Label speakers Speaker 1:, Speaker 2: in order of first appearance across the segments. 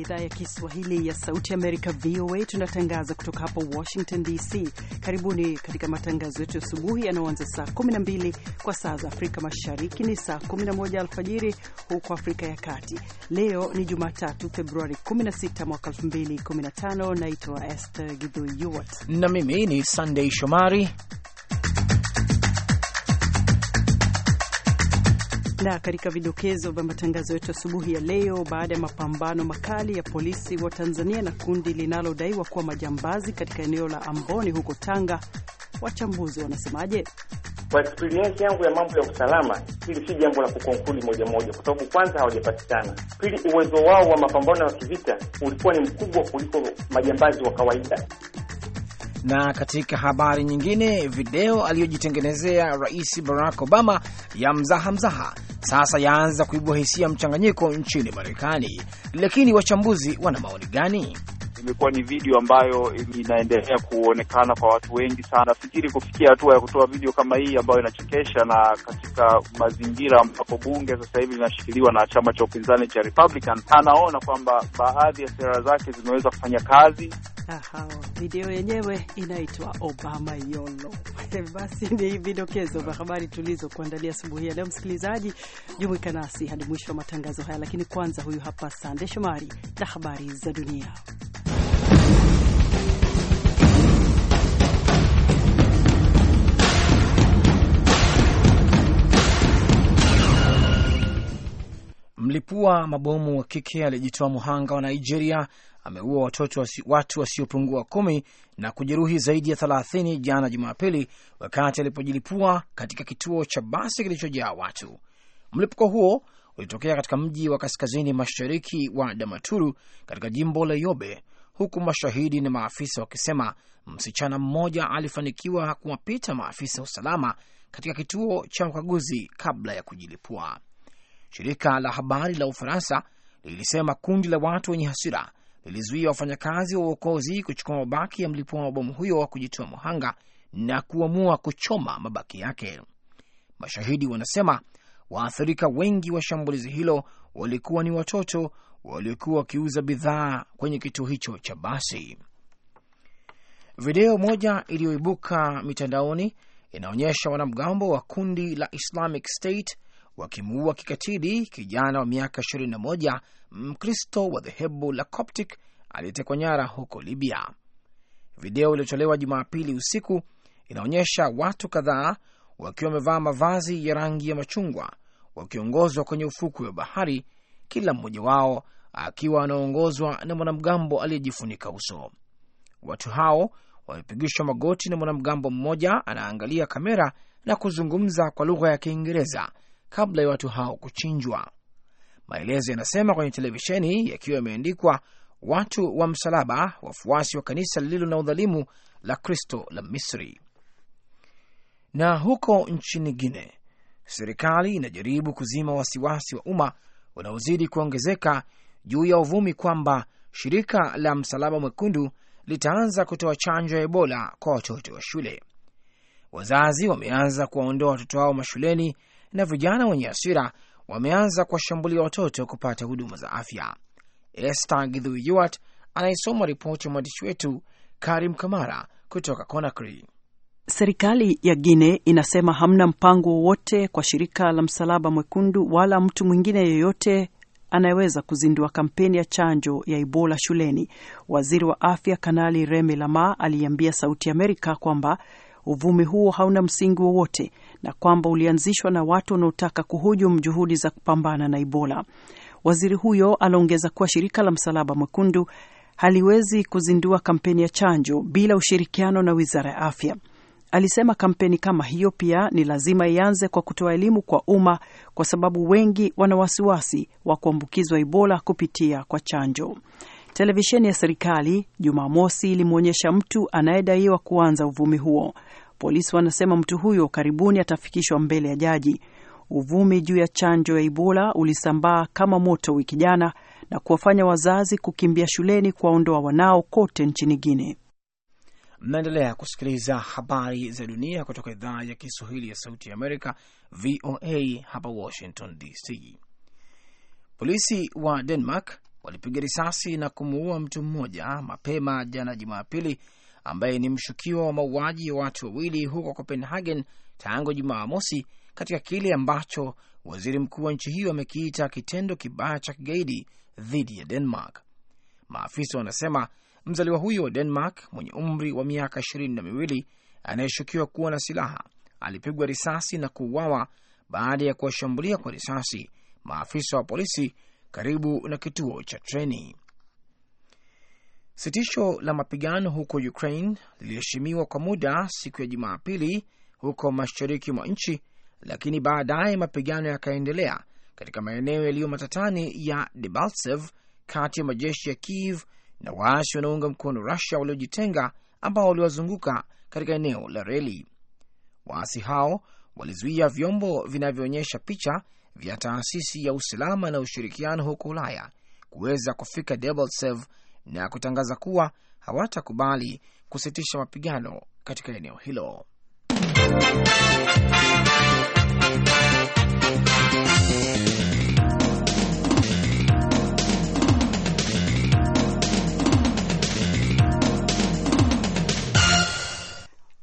Speaker 1: idhaa ya Kiswahili ya Sauti Amerika, VOA. Tunatangaza kutoka hapa Washington DC. Karibuni katika matangazo yetu ya asubuhi yanaoanza saa 12 kwa saa za Afrika Mashariki, ni saa 11 alfajiri huko Afrika ya Kati. Leo ni Jumatatu, Februari 16 mwaka 2015. Naitwa Esther Gidhu
Speaker 2: na mimi ni Sandei Shomari
Speaker 1: na katika vidokezo vya matangazo yetu asubuhi ya leo, baada ya mapambano makali ya polisi wa Tanzania na kundi linalodaiwa kuwa majambazi katika eneo la Amboni huko Tanga, wachambuzi wanasemaje?
Speaker 3: Kwa eksperiensi yangu ya mambo ya usalama, hili si jambo la kukonkuli moja moja, kwa sababu kwanza hawajapatikana, pili uwezo wao wa mapambano ya kivita ulikuwa ni mkubwa kuliko majambazi wa kawaida.
Speaker 2: Na katika habari nyingine, video aliyojitengenezea Rais Barack Obama ya mzaha mzaha sasa yaanza kuibua hisia mchanganyiko nchini Marekani, lakini wachambuzi wana maoni gani?
Speaker 4: imekuwa ni video ambayo inaendelea kuonekana kwa watu wengi sana. Nafikiri kufikia hatua ya kutoa video kama hii ambayo inachekesha, na katika mazingira ambapo bunge sasa hivi linashikiliwa na chama cha upinzani cha Republican, anaona kwamba baadhi ya sera zake zimeweza kufanya kazi.
Speaker 1: Aha, video yenyewe inaitwa Obama Yolo. Basi ni vidokezo vya habari tulizokuandalia asubuhi ya leo. Msikilizaji, jumuika nasi hadi mwisho wa matangazo haya, lakini kwanza, huyu hapa Sande Shomari na habari za dunia.
Speaker 2: Mlipua mabomu wa kike aliyejitoa muhanga wa Nigeria ameua watoto wasi, watu wasiopungua kumi na kujeruhi zaidi ya thelathini jana Jumapili wakati alipojilipua katika kituo cha basi kilichojaa watu. Mlipuko huo ulitokea katika mji wa kaskazini mashariki wa Damaturu katika jimbo la Yobe, huku mashahidi na maafisa wakisema msichana mmoja alifanikiwa kuwapita maafisa usalama katika kituo cha ukaguzi kabla ya kujilipua. Shirika la habari la Ufaransa lilisema kundi la watu wenye hasira lilizuia wafanyakazi wa uokozi kuchukua mabaki ya mlipua mabomu huyo wa kujitoa muhanga na kuamua kuchoma mabaki yake. Mashahidi wanasema waathirika wengi wa shambulizi hilo walikuwa ni watoto waliokuwa wakiuza bidhaa kwenye kituo hicho cha basi. Video moja iliyoibuka mitandaoni inaonyesha wanamgambo wa kundi la Islamic State wakimuua kikatili kijana wa miaka 21 Mkristo wa dhehebu la Coptic aliyetekwa nyara huko Libya. Video iliyotolewa Jumapili usiku inaonyesha watu kadhaa wakiwa wamevaa mavazi ya rangi ya machungwa wakiongozwa kwenye ufukwe wa bahari, kila mmoja wao akiwa anaongozwa na mwanamgambo aliyejifunika uso. Watu hao wamepigishwa magoti na mwanamgambo mmoja anaangalia kamera na kuzungumza kwa lugha ya Kiingereza kabla ya watu hao kuchinjwa. Maelezo yanasema kwenye televisheni yakiwa yameandikwa, watu wa msalaba, wafuasi wa kanisa lililo na udhalimu la Kristo la Misri. Na huko nchini Guine, serikali inajaribu kuzima wasiwasi wa umma unaozidi kuongezeka juu ya uvumi kwamba shirika la Msalaba Mwekundu litaanza kutoa chanjo ya Ebola kwa watoto wa shule. Wazazi wameanza kuwaondoa watoto wao mashuleni na vijana wenye asira wameanza kuwashambulia watoto kupata huduma za afya. Esther Githui Yuart anayesoma ripoti ya mwandishi wetu
Speaker 1: Karim Kamara kutoka Conakry. Serikali ya Guine inasema hamna mpango wowote kwa shirika la Msalaba Mwekundu wala mtu mwingine yeyote anayeweza kuzindua kampeni ya chanjo ya Ebola shuleni. Waziri wa afya Kanali Remi Lama aliiambia Sauti Amerika kwamba uvumi huo hauna msingi wowote na kwamba ulianzishwa na watu wanaotaka kuhujum juhudi za kupambana na Ebola. Waziri huyo aliongeza kuwa shirika la Msalaba Mwekundu haliwezi kuzindua kampeni ya chanjo bila ushirikiano na wizara ya afya. Alisema kampeni kama hiyo pia ni lazima ianze kwa kutoa elimu kwa umma, kwa sababu wengi wana wasiwasi wa kuambukizwa Ebola kupitia kwa chanjo. Televisheni ya serikali Jumamosi ilimwonyesha mtu anayedaiwa kuanza uvumi huo. Polisi wanasema mtu huyo karibuni atafikishwa mbele ya jaji. Uvumi juu ya chanjo ya Ebola ulisambaa kama moto wiki jana na kuwafanya wazazi kukimbia shuleni kuwaondoa wanao kote nchini Guine.
Speaker 2: Mnaendelea kusikiliza habari za dunia kutoka idhaa ya Kiswahili ya Sauti ya Amerika, VOA hapa Washington DC. Polisi wa Denmark walipiga risasi na kumuua mtu mmoja mapema jana Jumapili ambaye ni mshukiwa wa mauaji ya watu wawili huko Copenhagen tangu Jumaa mosi katika kile ambacho waziri mkuu wa nchi hiyo amekiita kitendo kibaya cha kigaidi dhidi ya Denmark. Maafisa wanasema mzaliwa huyo wa Denmark mwenye umri wa miaka ishirini na miwili anayeshukiwa kuwa na silaha alipigwa risasi na kuuawa baada ya kuwashambulia kwa risasi maafisa wa polisi karibu na kituo cha treni. Sitisho la mapigano huko Ukraine liliheshimiwa kwa muda siku ya Jumapili huko mashariki mwa nchi, lakini baadaye mapigano yakaendelea katika maeneo yaliyo matatani ya Debaltsev kati ya majeshi ya Kiev na waasi wanaunga mkono Rusia waliojitenga ambao waliwazunguka katika eneo la reli. Waasi hao walizuia vyombo vinavyoonyesha picha vya taasisi ya usalama na ushirikiano huko Ulaya kuweza kufika Debaltsev na kutangaza kuwa hawatakubali kusitisha mapigano katika eneo hilo.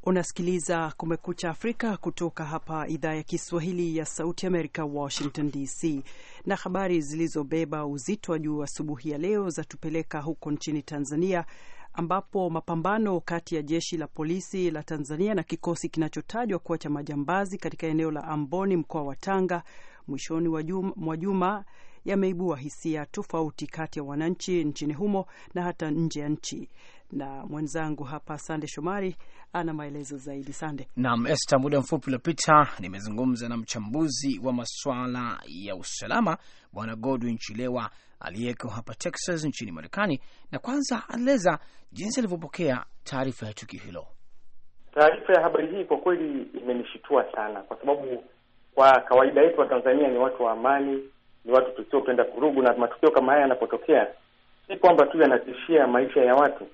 Speaker 1: Unasikiliza Kumekucha Afrika kutoka hapa idhaa ya Kiswahili ya Sauti Amerika, Washington DC na habari zilizobeba uzito wa juu asubuhi ya leo zatupeleka huko nchini Tanzania ambapo mapambano kati ya jeshi la polisi la Tanzania na kikosi kinachotajwa kuwa cha majambazi katika eneo la Amboni mkoa wa Tanga mwishoni mwa juma yameibua hisia tofauti kati ya wananchi nchini humo na hata nje ya nchi na mwenzangu hapa Sande Shomari ana maelezo zaidi. Sande.
Speaker 2: Naam, Esther, muda mfupi uliopita nimezungumza na mchambuzi wa masuala ya usalama Bwana Godwin Chilewa aliyeko hapa Texas nchini Marekani, na kwanza anaeleza jinsi alivyopokea taarifa ya tukio hilo.
Speaker 3: Taarifa ya habari hii kwa kweli imenishitua sana, kwa sababu kwa kawaida yetu wa Tanzania ni watu wa amani, ni watu tusiopenda vurugu, na matukio kama haya yanapotokea, si kwamba tu yanatishia maisha ya watu,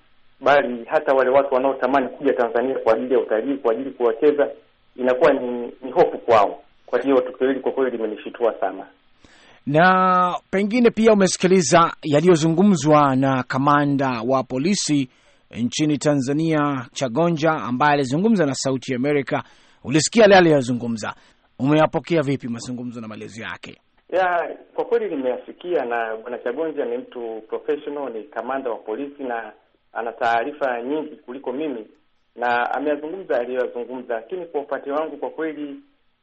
Speaker 3: bali hata wale watu wanaotamani kuja Tanzania kwa ajili ya utalii, kwa ajili kuwacheza inakuwa ni, ni hofu kwao. Kwa hiyo tukio hili kwa kweli limenishitua sana
Speaker 2: na pengine pia umesikiliza yaliyozungumzwa na kamanda wa polisi nchini Tanzania Chagonja, ambaye alizungumza na Sauti ya Amerika. Ulisikia yale aliyozungumza, umeyapokea vipi mazungumzo na maelezo yake?
Speaker 3: Ya, kwa kweli nimeyasikia, na bwana Chagonja ni mtu professional, ni kamanda wa polisi na ana taarifa nyingi kuliko mimi na ameyazungumza aliyoyazungumza, lakini kwa upande wangu kwa kweli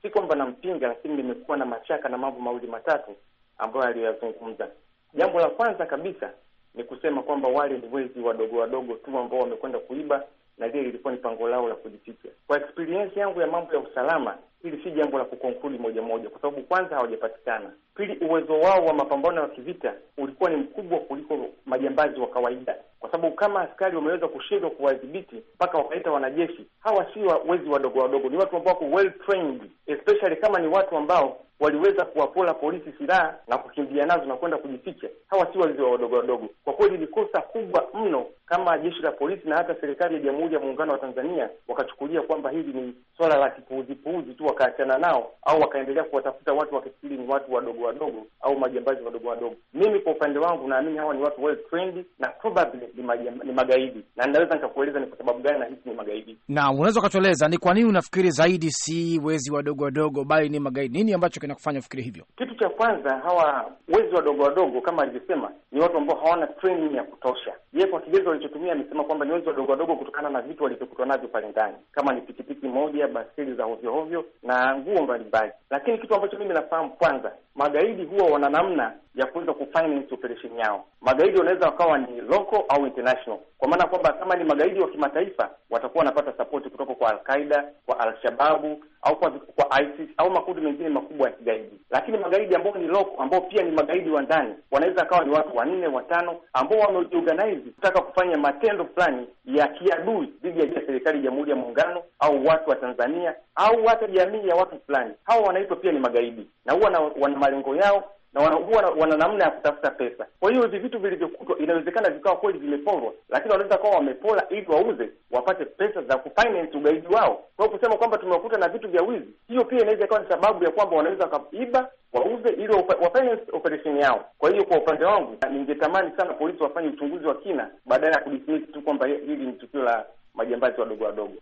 Speaker 3: si kwamba nampinga, lakini nimekuwa na mashaka na mambo mawili matatu ambayo aliyoyazungumza. Jambo la kwanza kabisa ni kusema kwamba wale ni wezi wadogo wadogo tu ambao wamekwenda kuiba, na lile lilikuwa ni pango lao la kujificha. Kwa experience yangu ya mambo ya usalama Hili si jambo la kukonkludi moja moja, kwa sababu kwanza hawajapatikana, pili uwezo wao wa mapambano ya kivita ulikuwa ni mkubwa kuliko majambazi wa kawaida, kwa sababu kama askari wameweza kushindwa kuwadhibiti mpaka wakaita wanajeshi, hawa si wezi wadogo wadogo, ni watu ambao wako well trained, especially kama ni watu ambao waliweza kuwapola polisi silaha na kukimbia nazo na kwenda kujificha. Hawa si wezi wa wadogo wadogo. Kwa kweli ni kosa kubwa mno kama jeshi la polisi na hata serikali ya Jamhuri ya Muungano wa Tanzania wakachukulia kwamba hili ni swala la puuzi tu wakaachana nao au wakaendelea kuwatafuta watu wakifikiri ni watu wadogo wadogo au majambazi wadogo wadogo. Mimi kwa upande wangu naamini hawa ni watu well trained na probably ni, ni magaidi, na ninaweza nikakueleza ni kwa sababu gani nahisi ni magaidi.
Speaker 2: Na unaweza ukatueleza ni kwa nini unafikiri zaidi si wezi wadogo wadogo bali ni magaidi? Nini ambacho kinakufanya ufikiri hivyo?
Speaker 3: Kitu cha kwanza, hawa wezi wadogo wadogo kama alivyosema ni watu ambao hawana training ya kutosha. Yeye kwa kigezo amesema kwamba ni wezi wadogo wadogo kutokana na vitu walivyokutwa navyo pale ndani, kama ni pikipiki moja, baskeli za hovyohovyo na nguo mbalimbali, lakini kitu ambacho mimi nafahamu, kwanza, magaidi huwa wana namna ya kuweza kufinance operation yao. Magaidi wanaweza wakawa ni local au international, kwa maana kwamba kama ni magaidi wa kimataifa watakuwa wanapata sapoti kutoka kwa Alqaida, kwa Alshababu au kwa, kwa ISIS au makundi mengine makubwa ya kigaidi. Lakini magaidi ambao ni loko, ambao pia ni magaidi wa ndani, wanaweza akawa ni watu wanne watano ambao wamejiorganize kutaka kufanya matendo fulani ya kiadui dhidi ya serikali ya Jamhuri ya Muungano au watu wa Tanzania au hata jamii ya watu fulani. Hawa wanaitwa pia ni magaidi na huwa wana malengo yao na huwa wana namna ya kutafuta pesa. Kwa hiyo hivi vitu vilivyokutwa inawezekana vikawa kweli vimeporwa, lakini wanaweza kuwa wamepola ili wauze wapate pesa za kufinance ugaidi wao. Kwa hiyo kusema kwamba tumewakuta na vitu vya wizi, hiyo pia inaweza ikawa ni sababu ya kwamba wanaweza wakaiba wauze ili wafinance operation yao. Kwa hiyo kwa upande wangu, ningetamani sana polisi wafanye uchunguzi wa kina badala ya kudismiss tu kwamba hili ni tukio la majambazi wadogo wadogo.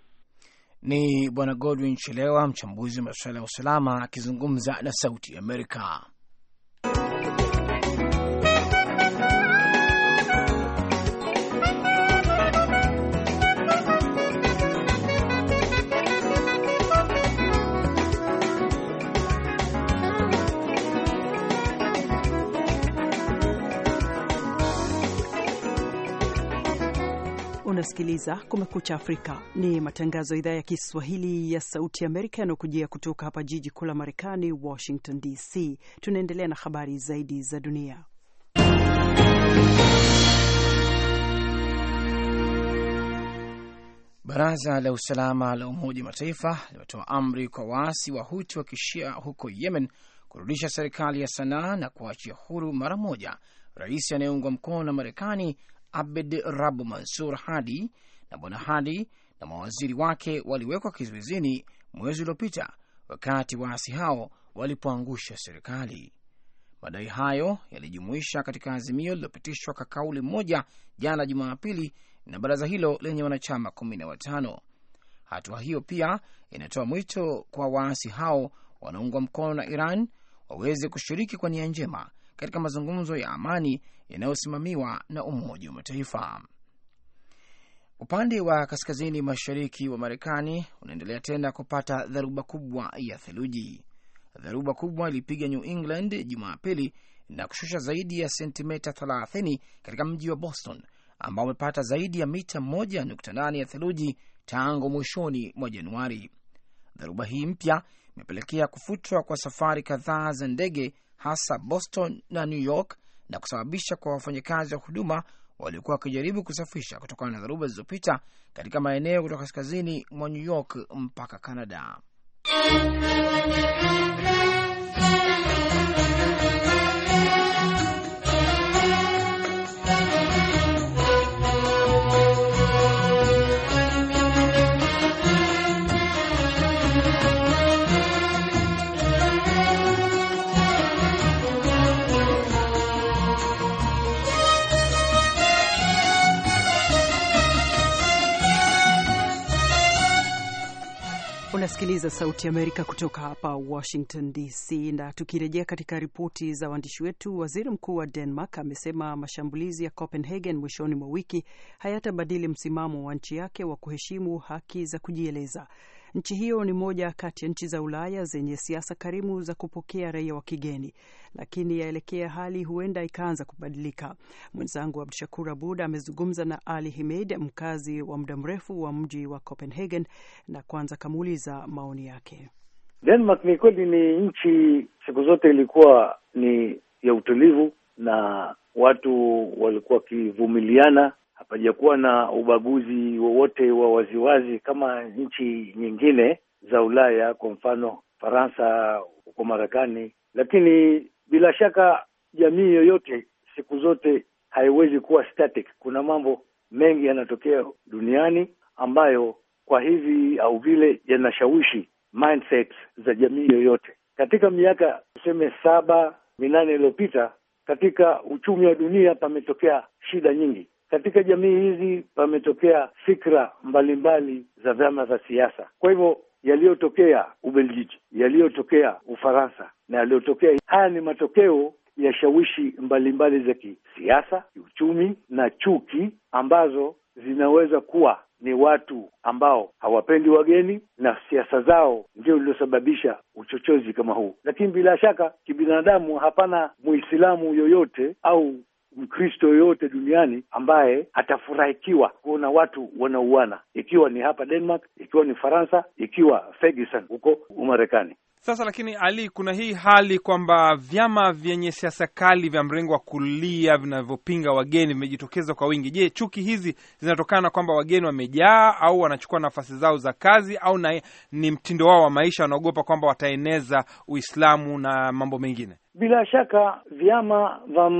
Speaker 2: Ni Bwana Godwin Chelewa, mchambuzi wa masuala ya usalama, akizungumza na Sauti Amerika.
Speaker 1: Unasikiliza Kumekucha Afrika, ni matangazo ya idhaa ya Kiswahili ya Sauti Amerika yanayokujia kutoka hapa jiji kuu la Marekani, Washington DC. Tunaendelea na habari zaidi za dunia.
Speaker 2: Baraza la Usalama la Umoja Mataifa limetoa amri kwa waasi wa Huti wa Kishia huko Yemen kurudisha serikali ya Sanaa na kuachia huru mara moja rais anayeungwa mkono na Marekani Abed Rabu Mansur Hadi na Bwana Hadi na mawaziri wake waliwekwa kizuizini mwezi uliopita wakati waasi hao walipoangusha serikali. Madai hayo yalijumuisha katika azimio lililopitishwa kwa kauli moja jana Jumapili na baraza hilo lenye wanachama kumi na watano. Hatua hiyo pia inatoa mwito kwa waasi hao wanaungwa mkono na Iran waweze kushiriki kwa nia njema katika mazungumzo ya amani yanayosimamiwa na Umoja wa Mataifa. Upande wa kaskazini mashariki wa Marekani unaendelea tena kupata dharuba kubwa ya theluji. Dharuba kubwa ilipiga New England Jumapili na kushusha zaidi ya sentimeta 30 katika mji wa Boston ambao umepata zaidi ya mita 1.8 ya theluji tangu mwishoni mwa Januari. Dharuba hii mpya imepelekea kufutwa kwa safari kadhaa za ndege hasa Boston na New York na kusababisha kwa wafanyakazi wa huduma waliokuwa wakijaribu kusafisha kutokana na dharuba zilizopita katika maeneo kutoka kaskazini mwa New York mpaka Kanada.
Speaker 1: Unasikiliza Sauti ya Amerika kutoka hapa Washington DC. Na tukirejea katika ripoti za waandishi wetu, waziri mkuu wa Denmark amesema mashambulizi ya Copenhagen mwishoni mwa wiki hayatabadili msimamo wa nchi yake wa kuheshimu haki za kujieleza. Nchi hiyo ni moja kati ya nchi za Ulaya zenye siasa karimu za kupokea raia wa kigeni, lakini yaelekea hali huenda ikaanza kubadilika. Mwenzangu Abdu Shakur Abud amezungumza na Ali Himeid, mkazi wa muda mrefu wa mji wa Copenhagen, na kwanza kamuuliza maoni yake.
Speaker 5: Denmark ni kweli ni nchi siku zote ilikuwa ni ya utulivu na watu walikuwa wakivumiliana hapajakuwa na ubaguzi wowote wa waziwazi kama nchi nyingine za Ulaya, kwa mfano Faransa, huko Marekani. Lakini bila shaka jamii yoyote siku zote haiwezi kuwa static. Kuna mambo mengi yanatokea duniani ambayo kwa hivi au vile yanashawishi mindset za jamii yoyote. Katika miaka tuseme saba minane iliyopita, katika uchumi wa dunia pametokea shida nyingi, katika jamii hizi pametokea fikra mbalimbali mbali za vyama vya siasa. Kwa hivyo yaliyotokea Ubelgiji, yaliyotokea Ufaransa na yaliyotokea, haya ni matokeo ya shawishi mbalimbali za kisiasa, kiuchumi na chuki ambazo zinaweza kuwa ni watu ambao hawapendi wageni na siasa zao ndio iliosababisha uchochezi kama huu. Lakini bila shaka kibinadamu, hapana Muislamu yoyote au Mkristo yoyote duniani ambaye atafurahikiwa kuona watu wanauana, ikiwa ni hapa Denmark, ikiwa ni Faransa, ikiwa Ferguson huko Umarekani.
Speaker 4: Sasa lakini, Ali, kuna hii hali kwamba vyama vyenye siasa kali vya mrengo wa kulia vinavyopinga wageni vimejitokeza kwa wingi. Je, chuki hizi zinatokana kwamba wageni wamejaa, au wanachukua nafasi zao za kazi, au na, ni mtindo wao wa maisha, wanaogopa kwamba wataeneza Uislamu na mambo mengine?
Speaker 5: Bila shaka vyama vya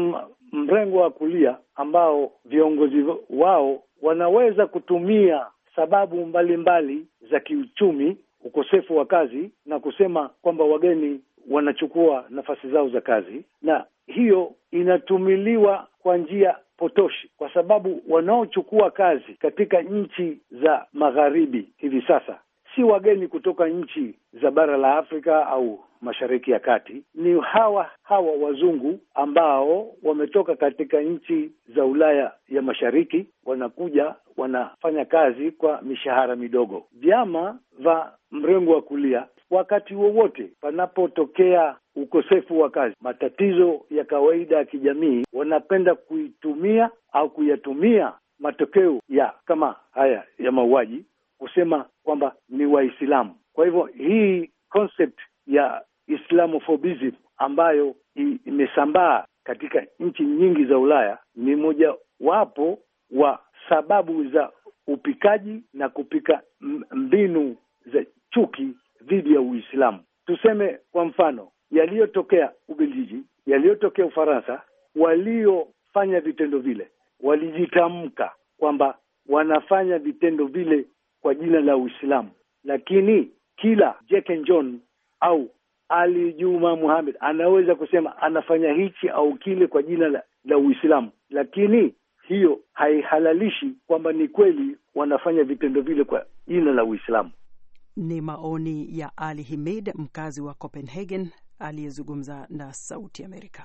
Speaker 5: mrengo wa kulia ambao viongozi wao wanaweza kutumia sababu mbalimbali za kiuchumi, ukosefu wa kazi, na kusema kwamba wageni wanachukua nafasi zao za kazi, na hiyo inatumiliwa kwa njia potoshi, kwa sababu wanaochukua kazi katika nchi za magharibi hivi sasa si wageni kutoka nchi za bara la Afrika au Mashariki ya Kati ni hawa hawa wazungu ambao wametoka katika nchi za Ulaya ya Mashariki, wanakuja wanafanya kazi kwa mishahara midogo. Vyama vya mrengo wa kulia wakati wowote panapotokea ukosefu wa kazi, matatizo ya kawaida ya kijamii, wanapenda kuitumia au kuyatumia matokeo ya kama haya ya mauaji kusema kwamba ni Waislamu. Kwa hivyo hii concept ya Islamofobism ambayo imesambaa katika nchi nyingi za Ulaya ni mojawapo wa sababu za upikaji na kupika mbinu za chuki dhidi ya Uislamu. Tuseme kwa mfano yaliyotokea Ubelgiji, yaliyotokea Ufaransa. Waliofanya vitendo vile walijitamka kwamba wanafanya vitendo vile kwa jina la Uislamu, lakini kila Jack and John au ali Juma Muhammad anaweza kusema anafanya hichi au kile kwa jina la, la Uislamu, lakini hiyo haihalalishi kwamba ni kweli wanafanya vitendo vile kwa jina la Uislamu.
Speaker 1: Ni maoni ya Ali Himid, mkazi wa Copenhagen, aliyezungumza na Sauti Amerika.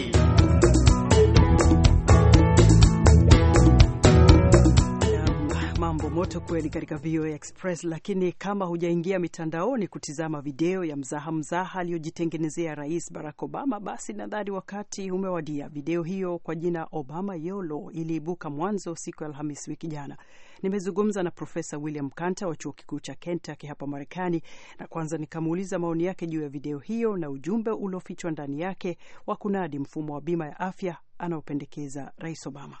Speaker 1: moto kweli katika VOA Express, lakini kama hujaingia mitandaoni kutizama video ya mzaha mzaha aliyojitengenezea Rais Barack Obama, basi nadhani wakati umewadia. Video hiyo kwa jina Obama Yolo iliibuka mwanzo siku ya Alhamis wiki jana. Nimezungumza na Profesa William Kanta wa chuo kikuu cha Kentucky hapa Marekani, na kwanza nikamuuliza maoni yake juu ya video hiyo na ujumbe uliofichwa ndani yake wa kunadi mfumo wa bima ya afya anaopendekeza Rais Obama.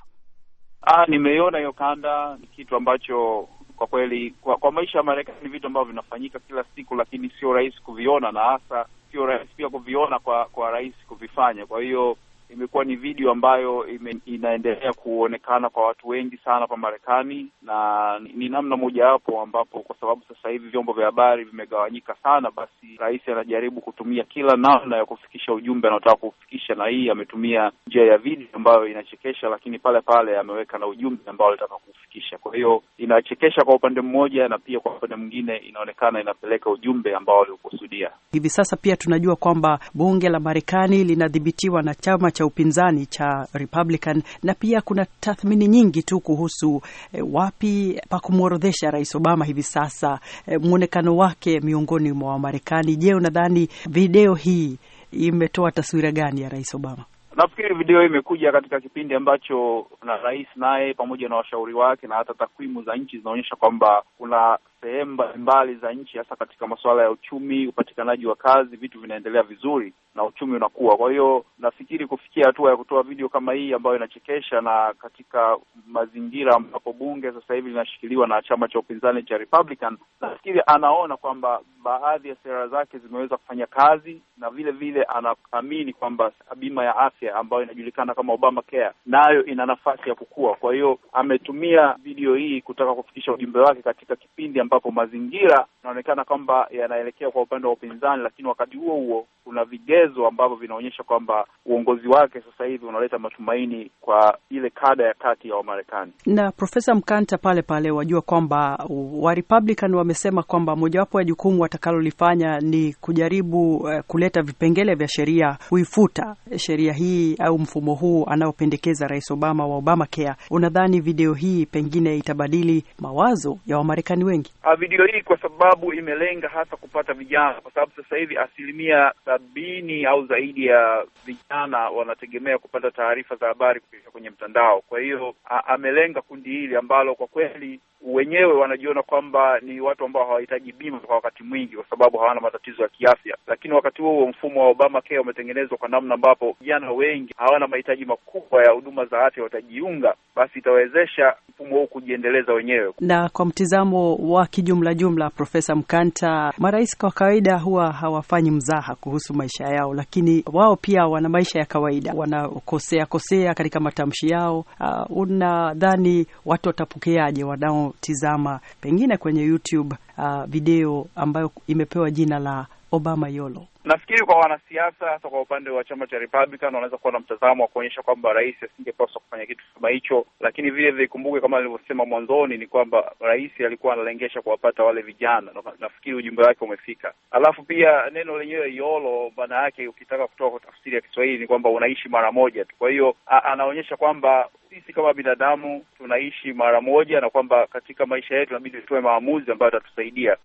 Speaker 4: Ah, nimeiona hiyo kanda. Ni kitu ambacho kwa kweli kwa, kwa maisha ya Marekani ni vitu ambavyo vinafanyika kila siku, lakini sio rahisi kuviona na hasa sio rahisi pia kuviona kwa kwa rais kuvifanya. Kwa hiyo imekuwa ni video ambayo ime, inaendelea kuonekana kwa watu wengi sana hapa Marekani, na ni namna mojawapo ambapo, kwa sababu sasa hivi vyombo vya habari vimegawanyika sana, basi rais anajaribu kutumia kila namna ya kufikisha ujumbe anaotaka kufikisha, na hii ametumia njia ya video ambayo inachekesha, lakini pale pale ameweka na ujumbe ambao alitaka kufikisha. Kwa hiyo inachekesha kwa upande mmoja, na pia kwa upande mwingine inaonekana inapeleka ujumbe ambao aliokusudia.
Speaker 1: Hivi sasa pia tunajua kwamba bunge la Marekani linadhibitiwa na chama cha cha upinzani cha Republican, na pia kuna tathmini nyingi tu kuhusu eh, wapi pa kumworodhesha Rais Obama hivi sasa, eh, mwonekano wake miongoni mwa Wamarekani. Je, unadhani video hii imetoa taswira gani ya Rais Obama?
Speaker 4: Nafikiri video imekuja katika kipindi ambacho na rais naye pamoja na washauri wake na hata takwimu za nchi zinaonyesha kwamba kuna sehemu mbalimbali za nchi, hasa katika masuala ya uchumi, upatikanaji wa kazi, vitu vinaendelea vizuri na uchumi unakuwa. Kwa hiyo nafikiri kufikia hatua ya kutoa video kama hii ambayo inachekesha, na katika mazingira ambapo bunge sasa hivi linashikiliwa na chama cha upinzani cha Republican, nafikiri anaona kwamba baadhi ya sera zake zimeweza kufanya kazi, na vile vile anaamini kwamba bima ya afya ambayo inajulikana kama Obama Care nayo ina nafasi ya kukua. Kwa hiyo ametumia video hii kutaka kufikisha ujumbe wake katika kipindi ambapo mazingira yanaonekana kwamba yanaelekea kwa upande wa upinzani, lakini wakati huo huo kuna vigezo ambavyo vinaonyesha kwamba uongozi wake sasa hivi unaleta matumaini kwa ile kada ya kati ya Wamarekani.
Speaker 1: Na Profesa Mkanta, pale pale, wajua kwamba wa Republican wamesema kwamba mojawapo ya jukumu watakalolifanya ni kujaribu eh, kuleta vipengele vya sheria kuifuta sheria hii au mfumo huu anaopendekeza Rais Obama wa Obamacare. Unadhani video hii pengine itabadili mawazo ya Wamarekani wengi?
Speaker 4: A, ah, video hii kwa sababu imelenga hasa kupata vijana, kwa sababu sasa hivi asilimia sabini au zaidi ya vijana wanategemea kupata taarifa za habari kupitia kwenye mtandao. Kwa hiyo amelenga kundi hili ambalo kwa kweli wenyewe wanajiona kwamba ni watu ambao hawahitaji bima kwa wakati mwingi, kwa sababu hawana matatizo ya kiafya. Lakini wakati huo huo mfumo wa Obama Care umetengenezwa kwa namna ambapo vijana wengi hawana mahitaji makubwa ya huduma za afya, watajiunga, basi itawezesha mfumo huu kujiendeleza wenyewe.
Speaker 1: Na kwa mtizamo wa kijumla jumla, Profesa Mkanta, marais kwa kawaida huwa hawafanyi mzaha kuhusu maisha yao, lakini wao pia wana maisha ya kawaida, wanakosea kosea katika matamshi yao. Uh, unadhani watu watapokeaje wanaotizama pengine kwenye YouTube uh, video ambayo imepewa jina la Obama Yolo?
Speaker 4: Nafikiri kwa wanasiasa hasa kwa upande wa chama cha Republican wanaweza kuwa na mtazamo wa kuonyesha kwamba rais asingepaswa kufanya kitu kama hicho, lakini vile vile ikumbuke, kama alivyosema mwanzoni, ni kwamba rais alikuwa analengesha kuwapata wale vijana. Nafikiri ujumbe wake umefika. Alafu pia neno lenyewe Yolo, maana yake ukitaka kutoka kwa tafsiri ya Kiswahili ni kwamba unaishi mara moja tu. Kwa hiyo anaonyesha kwamba sisi kama binadamu tunaishi mara moja, na kwamba katika maisha yetu inabidi tutoe maamuzi ambayo yatatusaidia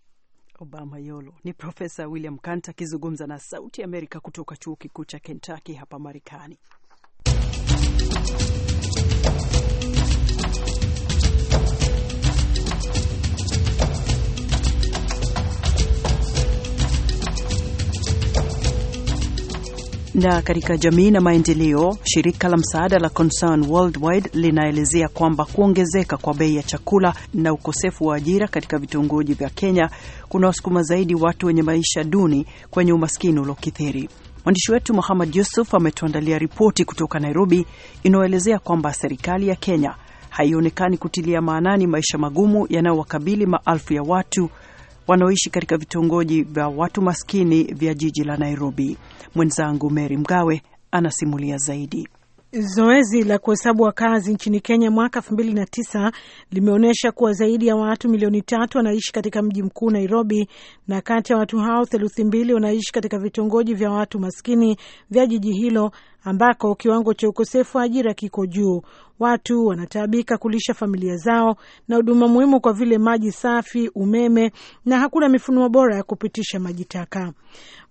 Speaker 1: obama yolo Ni Profesa William Kant akizungumza na Sauti Amerika kutoka chuo kikuu cha Kentucky hapa Marekani. Na katika jamii na maendeleo, shirika la msaada la Concern Worldwide linaelezea kwamba kuongezeka kwa bei ya chakula na ukosefu wa ajira katika vitongoji vya Kenya kuna wasukuma zaidi watu wenye maisha duni kwenye umaskini uliokithiri. Mwandishi wetu Muhammad Yusuf ametuandalia ripoti kutoka Nairobi inayoelezea kwamba serikali ya Kenya haionekani kutilia maanani maisha magumu yanayowakabili maelfu ya watu wanaoishi katika vitongoji vya watu maskini vya jiji la Nairobi. Mwenzangu Mary Mgawe
Speaker 6: anasimulia zaidi. Zoezi la kuhesabu wakazi nchini Kenya mwaka 2009 limeonyesha kuwa zaidi ya watu milioni tatu wanaishi katika mji mkuu Nairobi, na kati ya watu hao theluthi mbili wanaishi katika vitongoji vya watu maskini vya jiji hilo ambako kiwango cha ukosefu wa ajira kiko juu. Watu wanataabika kulisha familia zao na huduma muhimu kwa vile maji safi, umeme na hakuna mifumo bora ya kupitisha maji taka.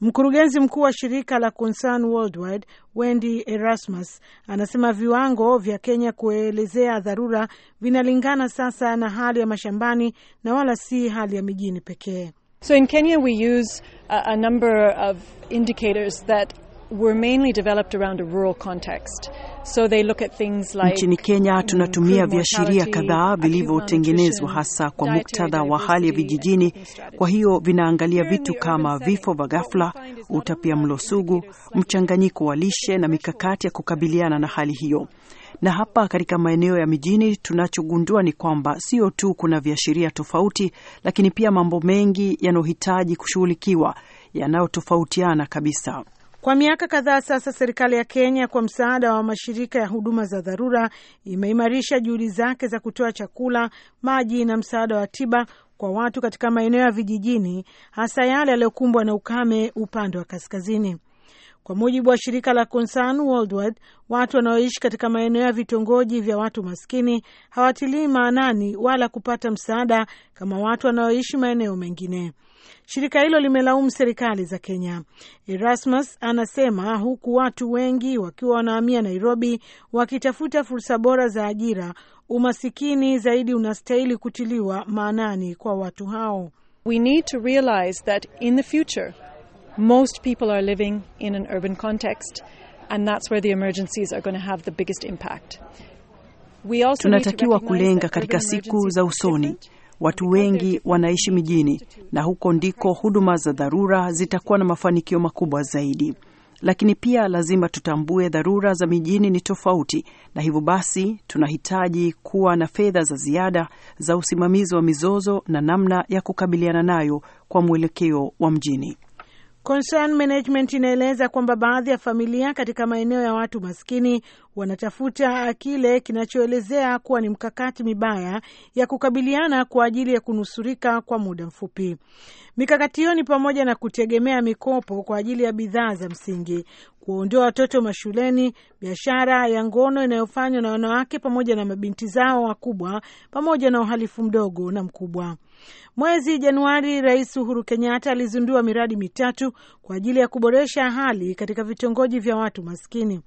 Speaker 6: Mkurugenzi mkuu wa shirika la Concern Worldwide Wendy Erasmus anasema viwango vya Kenya kuelezea dharura vinalingana sasa na hali ya mashambani na wala si hali ya mijini pekee. So in Kenya we use a, a number of indicators that were mainly
Speaker 1: developed around a rural context. So they look at things like nchini Kenya tunatumia viashiria kadhaa vilivyotengenezwa hasa kwa muktadha wa hali ya vijijini. Kwa hiyo vinaangalia vitu kama vifo vya ghafla, utapia mlo sugu, mchanganyiko wa lishe na mikakati ya kukabiliana na hali hiyo. Na hapa katika maeneo ya mijini tunachogundua ni kwamba sio tu kuna viashiria tofauti, lakini pia mambo mengi yanayohitaji kushughulikiwa yanayotofautiana kabisa.
Speaker 6: Kwa miaka kadhaa sasa, serikali ya Kenya kwa msaada wa mashirika ya huduma za dharura imeimarisha juhudi zake za kutoa chakula, maji na msaada wa tiba kwa watu katika maeneo ya vijijini, hasa yale yaliyokumbwa na ukame upande wa kaskazini. Kwa mujibu wa shirika la Concern Worldwide, watu wanaoishi katika maeneo ya vitongoji vya watu maskini hawatilii maanani wala kupata msaada kama watu wanaoishi maeneo mengine. Shirika hilo limelaumu serikali za Kenya. Erasmus anasema huku watu wengi wakiwa wanahamia Nairobi wakitafuta fursa bora za ajira, umasikini zaidi unastahili kutiliwa maanani kwa watu hao. We need to realize that in the future most people are living in an urban context
Speaker 1: and that's where the emergencies are going to have the biggest impact.
Speaker 6: Tunatakiwa kulenga katika siku za
Speaker 1: usoni Watu wengi wanaishi mijini na huko ndiko huduma za dharura zitakuwa na mafanikio makubwa zaidi. Lakini pia lazima tutambue dharura za mijini ni tofauti, na hivyo basi tunahitaji kuwa na fedha za ziada za usimamizi wa mizozo na namna ya kukabiliana nayo kwa mwelekeo wa mjini.
Speaker 6: Concern Management inaeleza kwamba baadhi ya familia katika maeneo ya watu maskini wanatafuta kile kinachoelezea kuwa ni mkakati mibaya ya kukabiliana kwa ajili ya kunusurika kwa muda mfupi. Mikakati hiyo ni pamoja na kutegemea mikopo kwa ajili ya bidhaa za msingi, kuwaondoa watoto mashuleni, biashara ya ngono inayofanywa na wanawake pamoja na mabinti zao wakubwa, pamoja na uhalifu mdogo na mkubwa. Mwezi Januari, Rais Uhuru Kenyatta alizindua miradi mitatu kwa ajili ya kuboresha hali katika vitongoji vya watu maskini.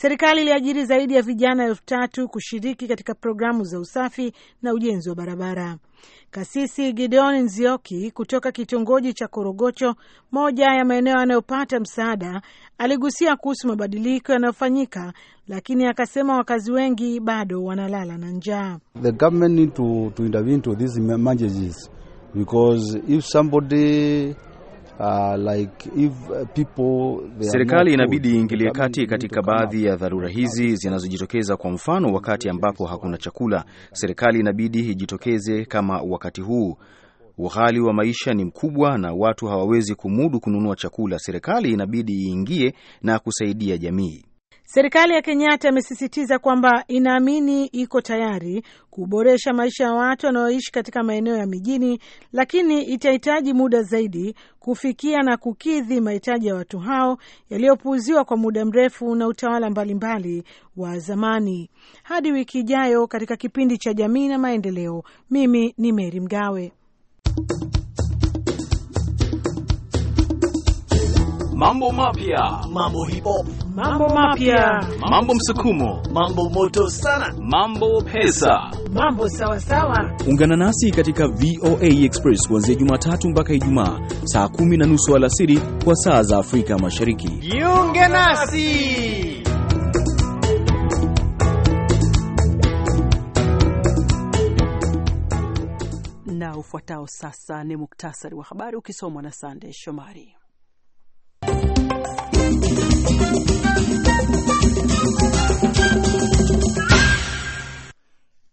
Speaker 6: Serikali iliajiri zaidi ya vijana elfu tatu kushiriki katika programu za usafi na ujenzi wa barabara. Kasisi Gideon Nzioki kutoka kitongoji cha Korogocho, moja ya maeneo yanayopata msaada, aligusia kuhusu mabadiliko yanayofanyika, lakini akasema wakazi wengi bado wanalala na njaa.
Speaker 4: Uh, like if uh, people, serikali inabidi iingilie kati katika baadhi ya dharura hizi zinazojitokeza. Kwa mfano, wakati ambapo hakuna chakula, serikali inabidi ijitokeze, kama wakati huu ughali wa maisha ni mkubwa
Speaker 2: na watu hawawezi kumudu kununua chakula. Serikali inabidi iingie na kusaidia
Speaker 1: jamii.
Speaker 6: Serikali ya Kenyatta imesisitiza kwamba inaamini iko tayari kuboresha maisha ya watu wanaoishi katika maeneo ya mijini, lakini itahitaji muda zaidi kufikia na kukidhi mahitaji ya watu hao yaliyopuuziwa kwa muda mrefu na utawala mbalimbali wa zamani. Hadi wiki ijayo katika kipindi cha Jamii na Maendeleo, mimi ni Meri Mgawe.
Speaker 2: mambo mapya, mambo hip hop,
Speaker 6: mambo mapya,
Speaker 4: mambo msukumo, mambo moto sana, mambo pesa,
Speaker 6: mambo sawa sawa.
Speaker 4: Ungana nasi katika VOA Express kuanzia Jumatatu mpaka Ijumaa saa kumi na nusu alasiri kwa saa za Afrika Mashariki.
Speaker 6: Jiunge nasi.
Speaker 1: Ufuatao sasa ni muktasari wa habari ukisomwa na Sande Shomari.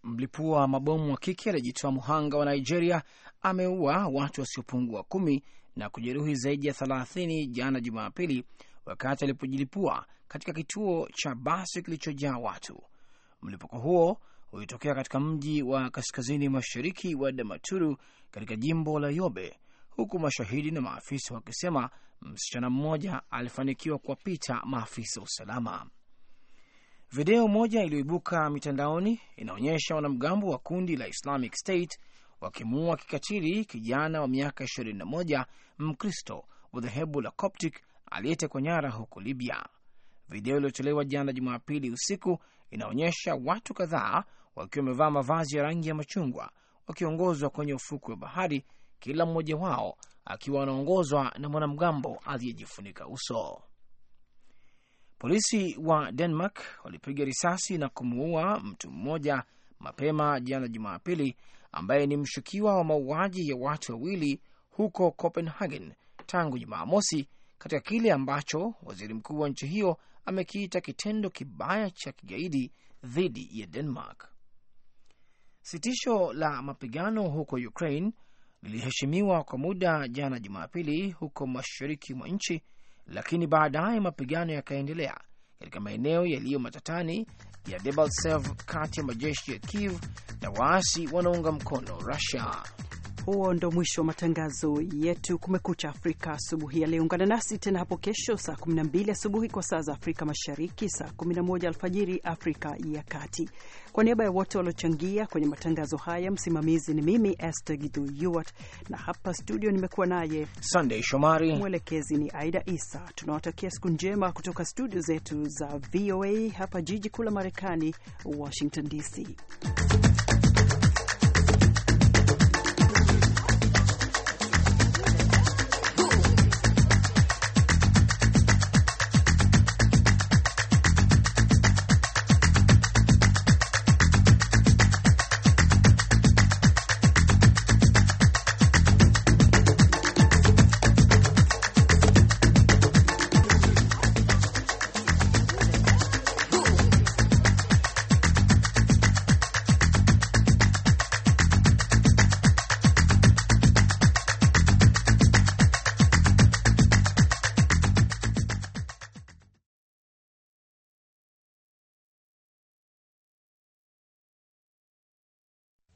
Speaker 2: Mlipua wa mabomu wa kike aliyejitoa muhanga wa Nigeria ameua watu wasiopungua kumi na kujeruhi zaidi ya thelathini jana Jumapili wakati alipojilipua katika kituo cha basi kilichojaa watu. Mlipuko huo ulitokea katika mji wa kaskazini mashariki wa Damaturu katika jimbo la Yobe huku mashahidi na maafisa wakisema msichana mmoja alifanikiwa kuwapita maafisa usalama. Video moja iliyoibuka mitandaoni inaonyesha wanamgambo wa kundi la Islamic State wakimuua kikatili kijana wa miaka 21 Mkristo wa dhehebu la Coptic aliyetekwa nyara huko Libya. Video iliyotolewa jana Jumapili usiku inaonyesha watu kadhaa wakiwa wamevaa mavazi ya rangi ya machungwa wakiongozwa kwenye ufukwe wa bahari kila mmoja wao akiwa anaongozwa na mwanamgambo aliyejifunika uso. Polisi wa Denmark walipiga risasi na kumuua mtu mmoja mapema jana Jumapili, ambaye ni mshukiwa wa mauaji ya watu wawili huko Copenhagen tangu Jumamosi, katika kile ambacho waziri mkuu wa nchi hiyo amekiita kitendo kibaya cha kigaidi dhidi ya Denmark. Sitisho la mapigano huko Ukraine liliheshimiwa kwa muda jana Jumapili huko mashariki mwa nchi, lakini baadaye mapigano yakaendelea katika maeneo yaliyo matatani ya Debaltseve kati ya majeshi ya Kiev
Speaker 1: na waasi wanaunga mkono Rusia huo ndo mwisho wa matangazo yetu Kumekucha Afrika asubuhi ya leo. Ungana nasi tena hapo kesho saa 12 asubuhi kwa saa za Afrika Mashariki, saa 11 alfajiri Afrika ya Kati. Kwa niaba ya wote waliochangia kwenye matangazo haya, msimamizi ni mimi Esther Gidhu Yuart, na hapa studio nimekuwa naye sandey Shomari, mwelekezi ni Aida Isa. Tunawatakia siku njema kutoka studio zetu za VOA hapa jiji kuu la Marekani, Washington DC.